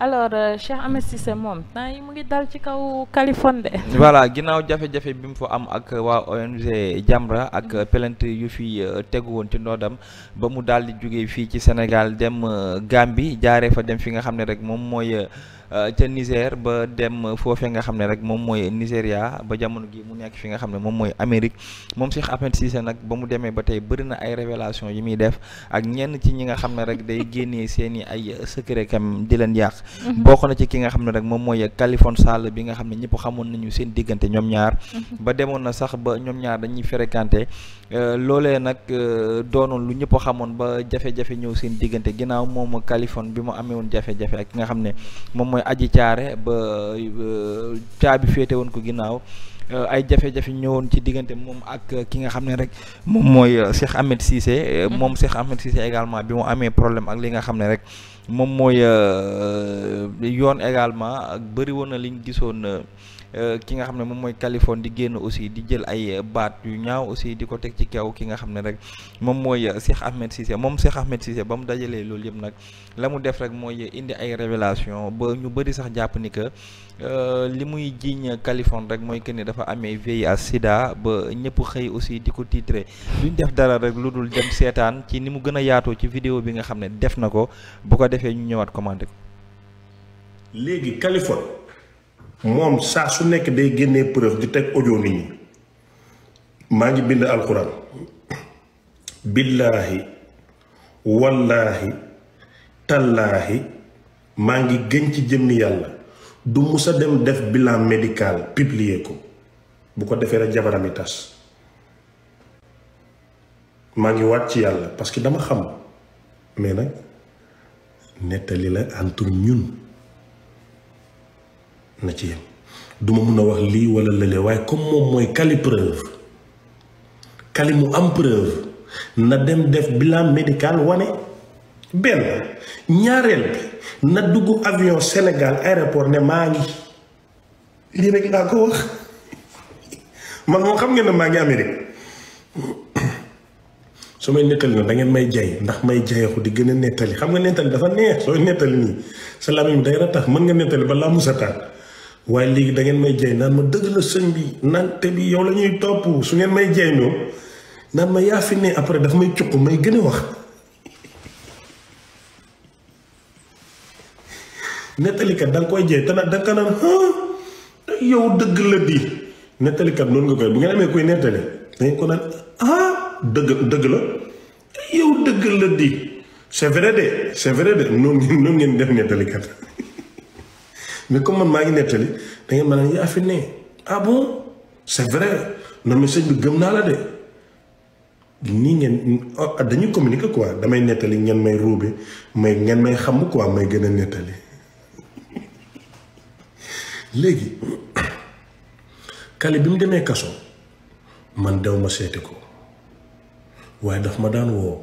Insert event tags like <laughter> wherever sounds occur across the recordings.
alors euh, Cheikh Ahmed Cissé moom temps yi mu ngi dal ci kaw Californie de. voilà ginnaaw jafe-jafe bi mu fa am ak waa ONG Jamra ak mhm. plainte yu fi euh, tegu woon ci ndoodam ba mu daal di jógee fii ci Sénégal dem euh, bi jaaree fa dem fi nga xam ne rek moom mooy. Euh, ca Niger ba dem foofee nga xam ne rek moom mooy Nigeria ba jamono gi mu nekk fi nga xam ne moom mooy Amérique moom Cheikh Ahmed nag ba mu demee ba tey bëri na ay yi muy def ak ñenn ci ñi nga xam ne rek day génnee seeni ay secret kam di leen yàq mhm. bokk na ci ki nga xam ne rek moom mooy Khaliphone Sall bi nga xam ne ñëpp xamoon nañu seen diggante ñoom ñaar mhm. ba demoon na sax ba ñoom ñaar dañuy fréquenté euh, loolee nag euh, doonoon lu ñëpp xamoon ba jafe ñëw seen diggante ginnaaw moom Khaliphone bi mu amee woon jafe-jafe ki nga xam ne mooy aji caare ba euh, caabi féete woon ko ginnaaw euh, ay jafe-jafe ñëwoon ci diggante moom ak euh, ki nga xam ne rek moom mooy Cheikh Ahmed Cissé mhm. moom Cheikh Ahmed Cissé également bi mu amee problème ak li nga xam ne rek moom mooy yoon également bëri woon na liñ gisoon Euh, ki nga xam ne moom mooy Californie di génn aussi di jël ay baat yu ñaaw aussi di ko teg ci kaw ki nga xam ne rek moom mooy Cheikh Ahmed Cissé moom Cheikh Ahmed Cissé ba mu dajalee loolu yëpp nag la mu def rek mooy indi ay révélation ba ñu bëri sax jàpp ni que euh, li muy jiiñ Californie rek mooy que ni dafa amee VIH sida ba ñëpp xëy aussi di ko titré duñ def dara rek lu dul dem seetaan ci ni mu gën a yaatoo ci vidéo bi nga xam ne def na ko bu ko defee ñu ñëwaat commenté ko moom saa su nekk day génnee preuve di teg audio ñi maa ngi bind alxuraan billaahi wallaahi tallaahi maa ngi gën ci jëmmi yàlla du musa dem def bilan médical publier ko bu ko defee la jabaram yi tas maa ngi waat ci yàlla parce que dama xam mais nag nettali la entre ñun na ci yem du mun a wax lii wala lële waaye comme moom mooy kali preuve kali mu am preuve na dem def bilan médical wane benn ñaareel na dugg avion Sénégal aéroport ne maa ngi lii rek laa ko wax man moom xam ngeen ne maa ngi Amérique <coughs> su may nettali na da may jay ndax may jayaxu di gën a nettali xam nga nettali dafa neex sooy nettali nii sa làmmiñ bi day tax mën nga nettali ba laa musa waaye léegi da ngeen may jey naan ma dëgg la sëñ bi naan bi yow la ñuy topp su ngeen may jey ñoom naan ma yaa fi ne après daf may cuq may gën a wax. nettalikat da nga koy jey te nag da nga naan yow dëgg la di nettalikat noonu nga koy bu ngeen amee koy nettali da ko naan ah dëgg dëgg la yow dëgg la di c'est vrai de c'est vrai de noonu ngeen noonu ngeen def nettalikat. <laughs> mais comme man maa ngi nettali da ngeen mën a yaa fi ne ah bon c' est vrai non mais sëñ gëm naa la de nii ngeen ah, dañuy communiquer damay nettali ngeen may ruube may ngeen may xam quoi may gën a nettali bi mu demee kaso man dew ma seeti ko waaye daf ma daan woo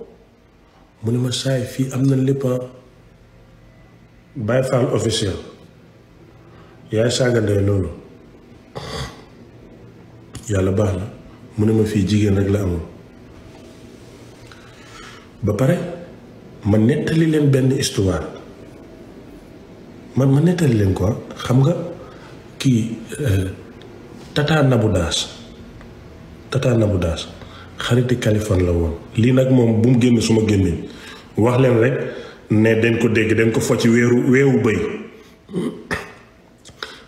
mu ne ma saay fii am na lépp ah. Baye officiel. yaay saaga ndey loolu yàlla baax na mu ne ma fii jigéen rek la amul ba pare ma nettali leen benn histoire man ma nettali leen ko xam nga kii euh, Tata Nabou Daas Tata Nabou Daas xariti Kaliphone la woon lii nag moom bu mu génn suma gémmiñ wax leen rek ne dañ ko dégg dañ ko fo ci weeru weewu bëy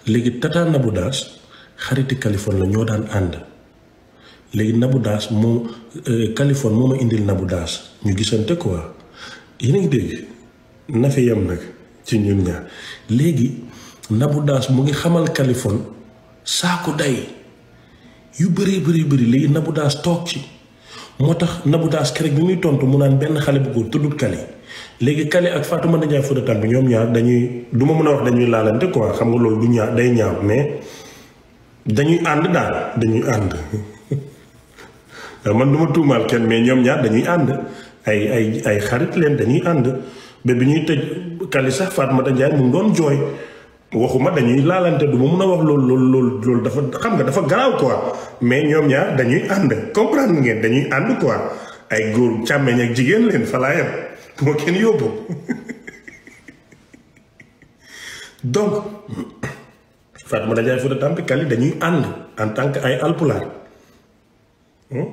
léegi tata Nabou Dash xariti Californie la ñoo daan ànd léegi Nabou Dash moom euh, Californie moo ma indil Nabou Dash ñu gisante quoi yéen a ngi dégg na nag ci ñun ñaar léegi Nabou mu ngi xamal kalifon saako day yu bëree bëri bëri léegi Nabou toog ci. moo tax Nabou Dash keroog bi muy tontu mu naan benn xale bi góor tuddut Kali léegi Kali ak Fatoumata Ndiaye Fouta Tampi bi ñoom ñaar dañuy du ma mën a wax dañuy laalante quoi xam nga loolu du ñaaw day ñaaw mais dañuy ànd daal dañuy ànd <laughs> man du ma tuumaal kenn mais ñoom ñaar dañuy ànd ay ay ay xarit leen dañuy ànd ba bi ñuy tëj Kali sax Fatoumata Ndiaye mu ngi doon jooy. waxuma dañuy laalante du ma mun a wax loolu lool loolu loolu dafa xam nga dafa garaaw quoi mais ñoom ñaar dañuy ànd comprendre ngeen dañuy ànd quoi ay góor càmmeñ ak jigéen leen fa laa yem bu <laughs> ma kenn yóbbu <laughs> donc Fatoumata Ndiaye Fouta Tampi Kali dañuy ànd en tant que ay alpulaar hmm?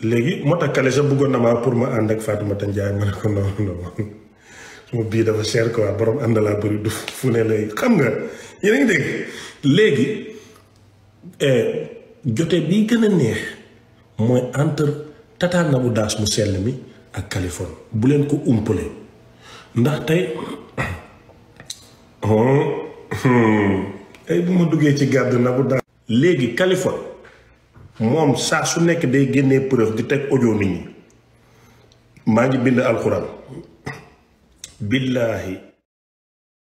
léegi moo tax Kali sa bëggoon na maa pour ma ànd ak Fatoumata Ndiaye ma ne ko non non. sama bii dafa cher quoi borom ànd laa bëri du fu ne lay xam nga yéen ngi dégg léegi eh, jote bi gën a neex mooy entre Tata Nabou Dash mu sell mi ak Californie bu leen ko umpale ndax tey ay <coughs> oh, <coughs> bu ma duggee ci gàdd Nabou Dash léegi Californie moom saa su nekk day génnee preuve di teg audio maa ngi bind alxuraan billaahi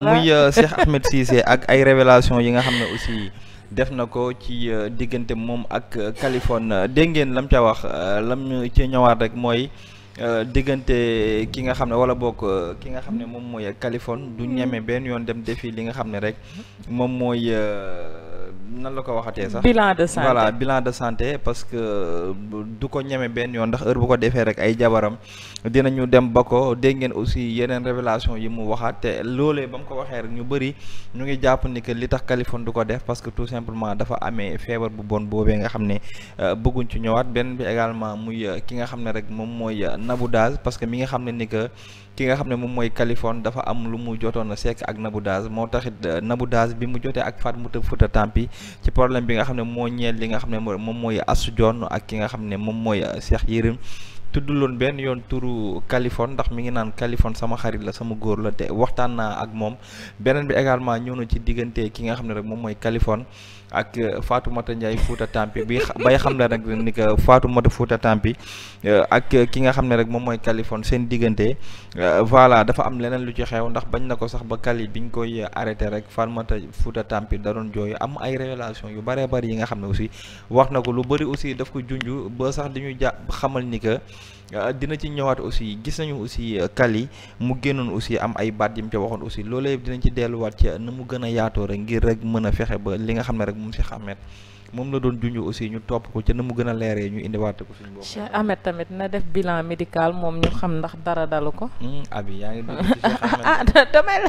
muy euh, Cheikh Ahmed Cissé ak ay révélation yi nga xam ne aussi def na ko ci euh, diggante moom ak euh, Californie dégg lam ca wax lam ci ñëwaat rek mooy diggante ki nga xam ne wala bokk ki nga xam ne moom mooy Californie du ñeme benn yoon dem defi li nga xam ne rek moom mooy nan la ko waxatee sax bilan de santé voilà bilan de santé parce que euh, du ko ñeme benn yoon ndax heure bu ko defee rek ay jabaram dina dinañu dem ba ko dégg ngeen aussi yeneen révélation yi mu waxaat te loolee ba mu ko waxee rek ñu bëri ñu ngi jàpp ni que li tax Kaliphone du ko def parce que tout simplement dafa amee feebar bu bon boobee nga xam ne euh, bëgguñ ci ñëwaat benn bi également muy euh, ki nga xam ne rek moom mooy Nabou Dash parce que mi nga xam ne ni que ki nga xam ne moom mooy Kaliphone dafa am lu mu jotoon a sekk ak Nabou moo taxit Nabou Dash bi mu jotee ak Fatoumata Fouta Tampi ci problème bi nga xam ne moo ñeel li nga xam ne moom mooy Astou Dione ak ki nga xam ne moom mooy Cheikh tuddu tudduloon benn yoon turu Kaliphone ndax mi ngi naan Kaliphone sama xarit la sama góor la te waxtaan naa ak moom beneen bi également ñëw na ci diggante ki nga xam ne rek moom mooy Kaliphone ak euh, Fatoumata Ndiaye Fouta Tampi bi bay xam ne rek ni que Fatoumata Fouta Tampi euh, ak euh, ki nga xam ne rek moom mooy Kaliphone seen diggante voilà dafa am leneen lu ci xew ndax bañ na ko sax ba Kali ñu koy arrêté rek Fatoumata Fouta Tampi da doon jooy am ay révélation yu bëree bëri yi nga xam ne aussi wax na ko lu bëri aussi daf ko junj ba sax di ñu jàpp xamal ni que dina ci ñëwaat aussi gis nañu aussi Kali mu génnoon aussi am ay baat yi mu ca waxoon aussi loolee dinañ ci delluwaat ci na mu gën a yaatoo rek ngir rek mën a fexe ba li nga xam ne rek mu si xàmmet moom la doon junj aussi ñu topp ko ca na mu gën a leere ñu indiwaat ko suñu bopp. Cheikh Ahmed tamit na def bilan médical moom ñu xam ndax dara dalu ko. Hmm, abi yaa ngi dugg <laughs> ah, damay la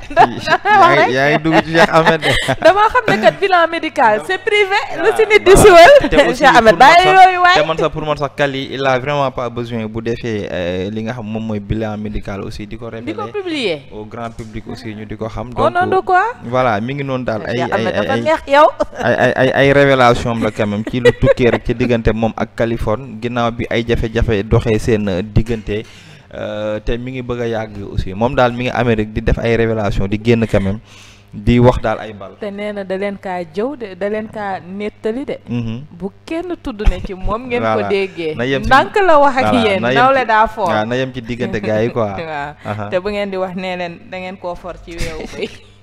<laughs> rek yaa ngi dugg ci Cheikh Ahmed <laughs> dama yooyu waay te man sax pour man sax Kali il a vraiment pas besoin bu defee euh, li nga xam moom mooy bilan médical aussi di ko. révéler di ko publier ñu di ko xam. donc mi ngi noonu daal révélation moom la quand même ci lu tukkee rek ci diggante moom ak Californie ginnaaw bi ay jafe-jafe doxee seen euh, diggante euh, te mu ngi bëgg a yàgg aussi moom daal mi ngi Amérique di def ay révélation di génn quand di wax daal ay bal. te nee na da leen kaa jëw de da leen kaa nettali de. Mhm. bu kenn tudd ne ci moom. ngeen ko déggee. na yem ndànk la wax ak yéen. naw le daa foor ci diggante gars yi quoi. <laughs> waaw te bu ngeen di wax nee leen da ngeen koo for ci weewu. <laughs>